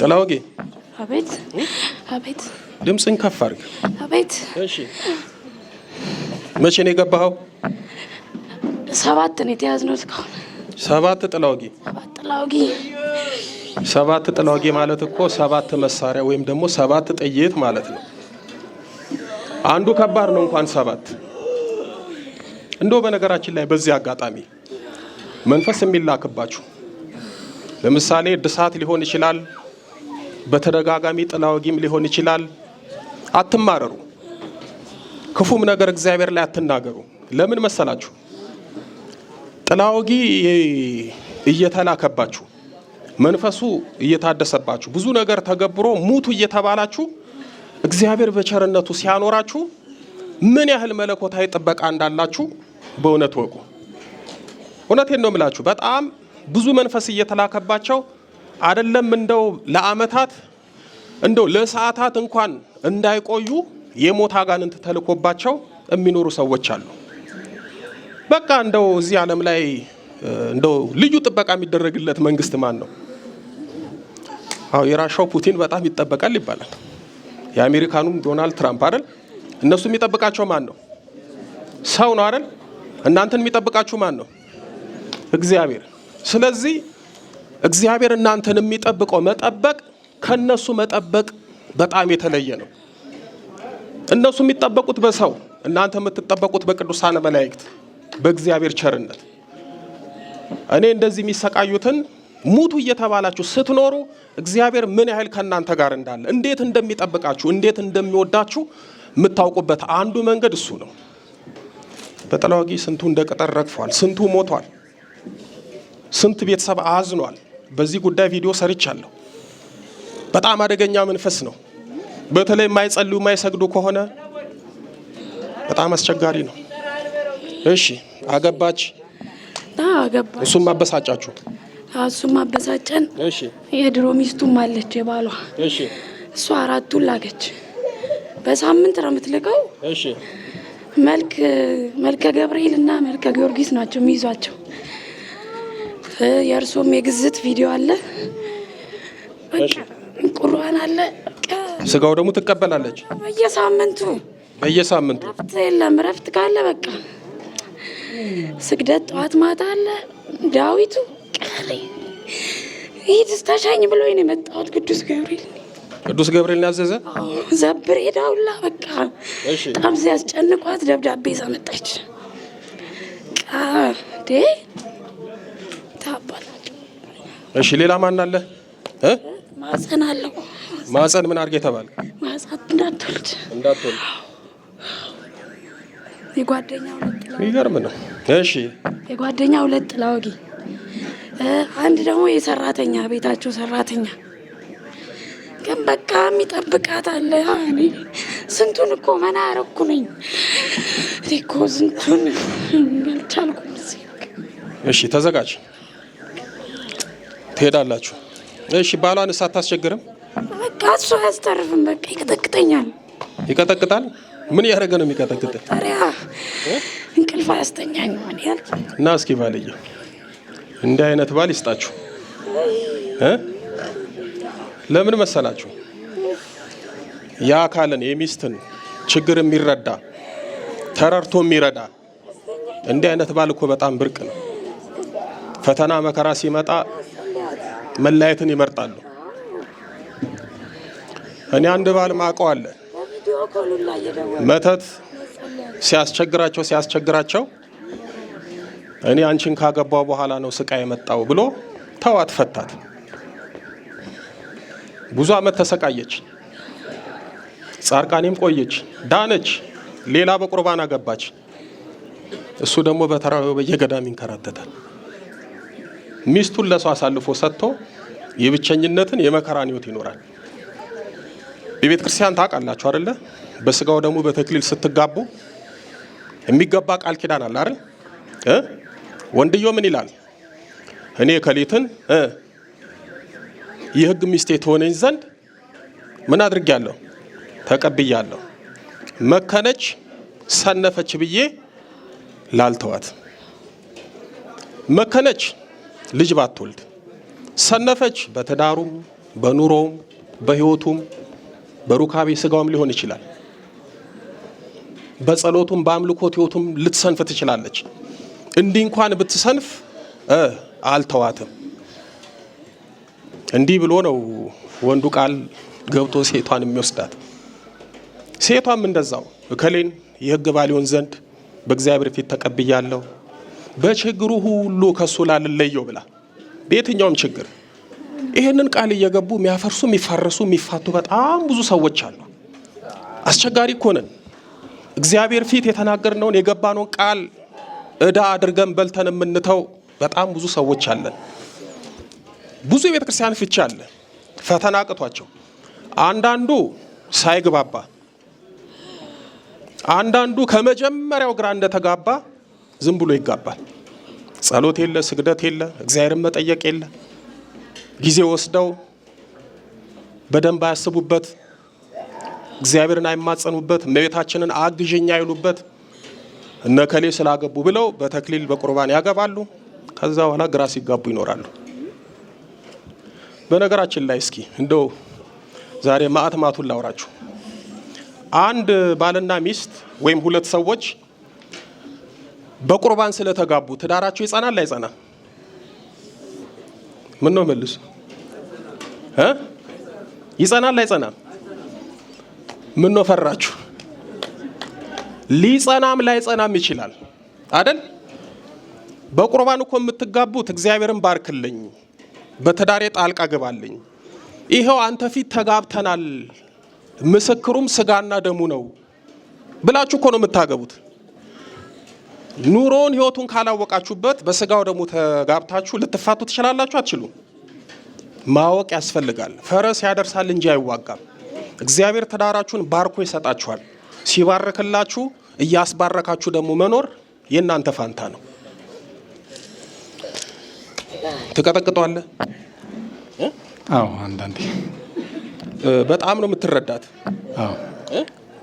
ጥላወጌ አቤት አቤት። ድምፅን ከፍ አድርግ። አቤት። እሺ፣ መቼ ነው የገባኸው? ሰባት ነው የተያዝነው እስካሁን። ሰባት ጥላወጌ፣ ሰባት ጥላወጌ፣ ሰባት ጥላወጌ ማለት እኮ ሰባት መሳሪያ ወይም ደግሞ ሰባት ጥይት ማለት ነው። አንዱ ከባድ ነው እንኳን ሰባት እንደው በነገራችን ላይ በዚህ አጋጣሚ መንፈስ የሚላክባችሁ ለምሳሌ እድሳት ሊሆን ይችላል፣ በተደጋጋሚ ጥላ ወጊም ሊሆን ይችላል። አትማረሩ፣ ክፉም ነገር እግዚአብሔር ላይ አትናገሩ። ለምን መሰላችሁ? ጥላ ወጊ እየተላከባችሁ መንፈሱ እየታደሰባችሁ ብዙ ነገር ተገብሮ ሙቱ እየተባላችሁ እግዚአብሔር በቸርነቱ ሲያኖራችሁ ምን ያህል መለኮታዊ ጥበቃ እንዳላችሁ በእውነት ወቁ። እውነቴን ነው የምላችሁ። በጣም ብዙ መንፈስ እየተላከባቸው አይደለም እንደው ለአመታት እንደው ለሰዓታት እንኳን እንዳይቆዩ የሞት አጋንንት ተልኮባቸው የሚኖሩ ሰዎች አሉ። በቃ እንደው እዚህ ዓለም ላይ እንደው ልዩ ጥበቃ የሚደረግለት መንግስት ማን ነው? አዎ የራሻው ፑቲን በጣም ይጠበቃል ይባላል። የአሜሪካኑም ዶናልድ ትራምፕ አይደል? እነሱ የሚጠብቃቸው ማን ነው? ሰው ነው አይደል? እናንተን የሚጠብቃችሁ ማን ነው? እግዚአብሔር። ስለዚህ እግዚአብሔር እናንተን የሚጠብቀው መጠበቅ ከነሱ መጠበቅ በጣም የተለየ ነው። እነሱ የሚጠበቁት በሰው፣ እናንተ የምትጠበቁት በቅዱሳን መላእክት፣ በእግዚአብሔር ቸርነት። እኔ እንደዚህ የሚሰቃዩትን ሙቱ እየተባላችሁ ስትኖሩ እግዚአብሔር ምን ያህል ከእናንተ ጋር እንዳለ፣ እንዴት እንደሚጠብቃችሁ፣ እንዴት እንደሚወዳችሁ የምታውቁበት አንዱ መንገድ እሱ ነው። ነጠላ ስንቱ እንደ ቅጠር ረግፏል፣ ስንቱ ሞቷል፣ ስንት ቤተሰብ አዝኗል። በዚህ ጉዳይ ቪዲዮ ሰርቻለሁ። በጣም አደገኛ መንፈስ ነው። በተለይ የማይጸልዩ የማይሰግዱ ከሆነ በጣም አስቸጋሪ ነው። እሺ አገባች፣ እሱም አበሳጫችሁ፣ እሱም አበሳጨን። የድሮ ሚስቱም አለች የባሏ እሱ አራቱን ላገች በሳምንት ነው የምትልቀው መልክ መልከ ገብርኤል እና መልከ ጊዮርጊስ ናቸው የሚይዟቸው። የእርሶም የግዝት ቪዲዮ አለ፣ ቁርባን አለ። ስጋው ደግሞ ትቀበላለች በየሳምንቱ በየሳምንቱ ረፍት የለም። ረፍት ካለ በቃ ስግደት ጠዋት ማታ አለ። ዳዊቱ ቀሪ ይህ ተሻኝ ብሎ ነው የመጣሁት ቅዱስ ገብርኤል ቅዱስ ገብርኤል ያዘዘ ዘብር ሄዳውላ በቃ በጣም ሲያስጨንቋት ደብዳቤ ይዛ መጣች። እሺ ሌላ ማን አለ? ማፀን አለው። ማፀን ምን አድርጌ ተባለ? ማፀን እንዳትወልድ እንዳትወልድ የጓደኛ ሁለት ጥላ ይገርም ነው። እሺ የጓደኛ ሁለት ጥላ ወጊ አንድ ደግሞ የሰራተኛ ቤታቸው ሰራተኛ በቃ የሚጠብቃት አለ። እኔ ስንቱን እኮ መና አረኩ ነኝ እኮ ስንቱን አልቻልኩም። እሺ ተዘጋጅ፣ ትሄዳላችሁ። እሺ እሳት አታስቸግርም? በቃ እሱ አያስተርፍም። በቃ ይቀጠቅጠኛል። ይቀጠቅጣል። ምን እያደረገ ነው የሚቀጠቅጥ? እንቅልፍ አያስተኛኝ እና እስኪ ባልየው እንዲህ አይነት ባል ይስጣችሁ። ለምን መሰላችሁ? ያ የሚስትን ችግር የሚረዳ ተረርቶ የሚረዳ እንዲህ አይነት ባል እኮ በጣም ብርቅ ነው። ፈተና መከራ ሲመጣ መለያየትን ይመርጣሉ። እኔ አንድ ባል ማቀው አለ መተት ሲያስቸግራቸው ሲያስቸግራቸው እኔ አንቺን ካገባው በኋላ ነው ስቃይ የመጣው ብሎ ተዋት፣ ፈታት። ብዙ ዓመት ተሰቃየች፣ ጻርቃኔም ቆየች፣ ዳነች፣ ሌላ በቁርባን አገባች። እሱ ደግሞ በተራው በየገዳም ይንከራተታል። ሚስቱን ለሰው አሳልፎ ሰጥቶ የብቸኝነትን የመከራን ህይወት ይኖራል። የቤተ ክርስቲያን ታውቃላችሁ አይደለ? በስጋው ደግሞ በተክሊል ስትጋቡ የሚገባ ቃል ኪዳን አለ አይደል? ወንድዮ ምን ይላል? እኔ ከሊትን የህግ ሚስቴ ትሆነኝ ዘንድ ምን አድርጌያለሁ? ተቀብያለሁ። መከነች፣ ሰነፈች ብዬ ላልተዋት። መከነች ልጅ ባትወልድ፣ ሰነፈች በትዳሩም በኑሮውም በህይወቱም በሩካቤ ስጋውም ሊሆን ይችላል። በጸሎቱም በአምልኮት ህይወቱም ልትሰንፍ ትችላለች። እንዲህ እንኳን ብትሰንፍ አልተዋትም። እንዲህ ብሎ ነው ወንዱ ቃል ገብቶ ሴቷን የሚወስዳት። ሴቷም እንደዛው እከሌን የህግ ባሊሆን ዘንድ በእግዚአብሔር ፊት ተቀብያለሁ በችግሩ ሁሉ ከሱ ላልለየው ብላ በየትኛውም ችግር ይህንን ቃል እየገቡ የሚያፈርሱ የሚፋረሱ የሚፋቱ በጣም ብዙ ሰዎች አሉ። አስቸጋሪ እኮ ነን። እግዚአብሔር ፊት የተናገርነውን የገባነውን ቃል እዳ አድርገን በልተን የምንተው በጣም ብዙ ሰዎች አለን። ብዙ የቤተ ክርስቲያን ፍቺ አለ። ፈተና አቅቷቸው አንዳንዱ ሳይግባባ፣ አንዳንዱ ከመጀመሪያው ግራ እንደተጋባ ዝም ብሎ ይጋባል። ጸሎት የለ፣ ስግደት የለ፣ እግዚአብሔርን መጠየቅ የለ። ጊዜ ወስደው በደንብ አያስቡበት፣ እግዚአብሔርን አይማጸኑበት፣ እመቤታችንን አግዥኝ አይሉበት። እነከሌ ስላገቡ ብለው በተክሊል በቁርባን ያገባሉ። ከዛ በኋላ ግራ ሲጋቡ ይኖራሉ። በነገራችን ላይ እስኪ እንደው ዛሬ ማአት ማቱን ላውራችሁ። አንድ ባልና ሚስት ወይም ሁለት ሰዎች በቁርባን ስለተጋቡ ትዳራቸው ይጸናል አይጸናም? ምን ነው መልሱ? ይጸናል አይጸናም? ምን ነው ፈራችሁ? ሊጸናም ላይጸናም ይችላል አደል በቁርባን እኮ የምትጋቡት እግዚአብሔርን ባርክልኝ በትዳሬ ጣልቃ ገባለኝ። ይኸው አንተ ፊት ተጋብተናል፣ ምስክሩም ስጋና ደሙ ነው ብላችሁ እኮ ነው የምታገቡት። ኑሮውን ህይወቱን ካላወቃችሁበት በስጋው ደሙ ተጋብታችሁ ልትፋቱ ትችላላችሁ? አትችሉ። ማወቅ ያስፈልጋል። ፈረስ ያደርሳል እንጂ አይዋጋም። እግዚአብሔር ትዳራችሁን ባርኮ ይሰጣችኋል። ሲባርክላችሁ እያስባረካችሁ ደግሞ መኖር የእናንተ ፋንታ ነው። ትቀጠቅጠዋለህ? አዎ አንዳንዴ በጣም ነው የምትረዳት። አዎ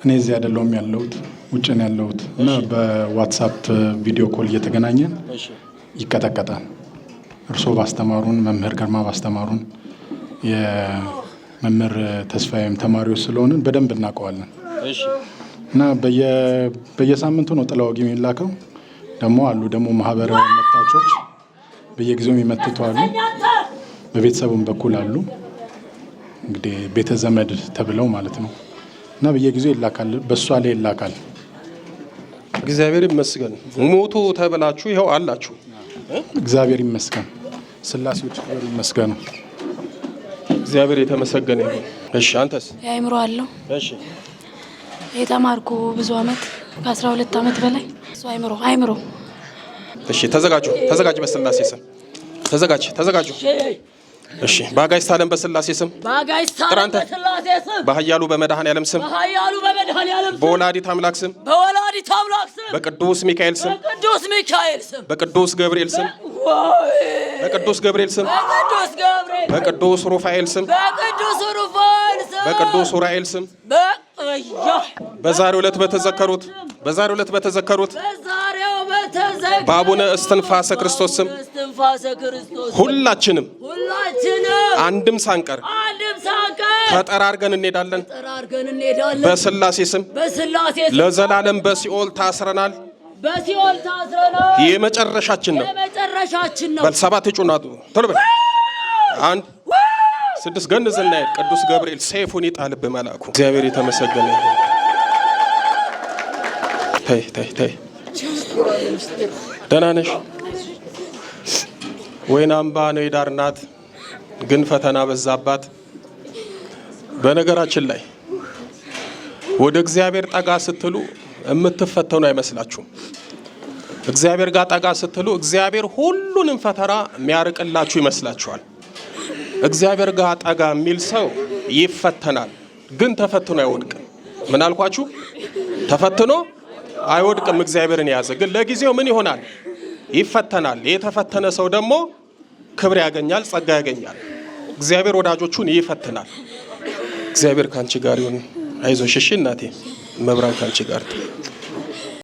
እኔ እዚህ አይደለሁም ያለሁት ውጭ ነው ያለሁት እና በዋትሳፕ ቪዲዮ ኮል እየተገናኘን ይቀጠቀጣል። እርስዎ ባስተማሩን መምህር ግርማ ባስተማሩን የመምህር ተስፋዬም ተማሪዎች ስለሆንን በደንብ እናውቀዋለን እና በየሳምንቱ ነው ጥላ የሚላከው። ደግሞ አሉ ደግሞ ማህበራዊ መታቾች በየጊዜው የሚመጡት አሉ፣ በቤተሰቡም በኩል አሉ። እንግዲህ ቤተ ዘመድ ተብለው ማለት ነው እና በየጊዜው ይላካል፣ በእሷ ላይ ይላካል። እግዚአብሔር ይመስገን። ሞቶ ተብላችሁ ይኸው አላችሁ። እግዚአብሔር ይመስገን። ስላሴዎች ክብር ይመስገኑ። እግዚአብሔር የተመሰገነ ይሁን። እሺ፣ አንተስ? የአእምሮ አለው። እሺ፣ የተማርኩ ብዙ አመት ከአስራ ሁለት አመት በላይ እሱ አይምሮ አእምሮ። እሺ፣ ተዘጋጁ፣ ተዘጋጅ በስላሴ ስም ተዘጋጅ ተዘጋጁ። እሺ በአጋዕዝተ ዓለም በስላሴ ስም በኃያሉ በመድኃኔዓለም ስም በወላዲት አምላክ ስም በቅዱስ ሚካኤል ስም በቅዱስ ገብርኤል ስም በቅዱስ ገብርኤል ስም በቅዱስ ሩፋኤል ስም በቅዱስ ሩፋኤል ስም በዛሬው ዕለት በተዘከሩት በዛሬው ዕለት በተዘከሩት በአቡነ እስትንፋሰ ክርስቶስ ስም ሁላችንም አንድም ሳንቀር ተጠራርገን እንሄዳለን። በስላሴ ስም ለዘላለም በሲኦል ታስረናል። የመጨረሻችን ነው። የመጨረሻችን ነው። በልሰባት አንድ ስድስት ገንዝ እናያል። ቅዱስ ገብርኤል ሰይፉን ይጣልብ መላኩ እግዚአብሔር የተመሰገነ ተይ ተይ ተይ ደህና ነሽ? ወይን አምባ ነው የዳር ናት፣ ግን ፈተና በዛባት። በነገራችን ላይ ወደ እግዚአብሔር ጠጋ ስትሉ የምትፈተኑ አይመስላችሁም። እግዚአብሔር ጋር ጠጋ ስትሉ እግዚአብሔር ሁሉንም ፈተና የሚያርቅላችሁ ይመስላችኋል። እግዚአብሔር ጋር ጠጋ የሚል ሰው ይፈተናል፣ ግን ተፈትኖ አይወድቅም። ምን አልኳችሁ? ተፈትኖ አይወድቅም፣ እግዚአብሔርን የያዘ ግን ለጊዜው ምን ይሆናል? ይፈተናል። የተፈተነ ሰው ደግሞ ክብር ያገኛል፣ ጸጋ ያገኛል። እግዚአብሔር ወዳጆቹን ይፈትናል። እግዚአብሔር ካንቺ ጋር ይሁን። አይዞሽ እሺ እናቴ። መብራን ካንቺ ጋር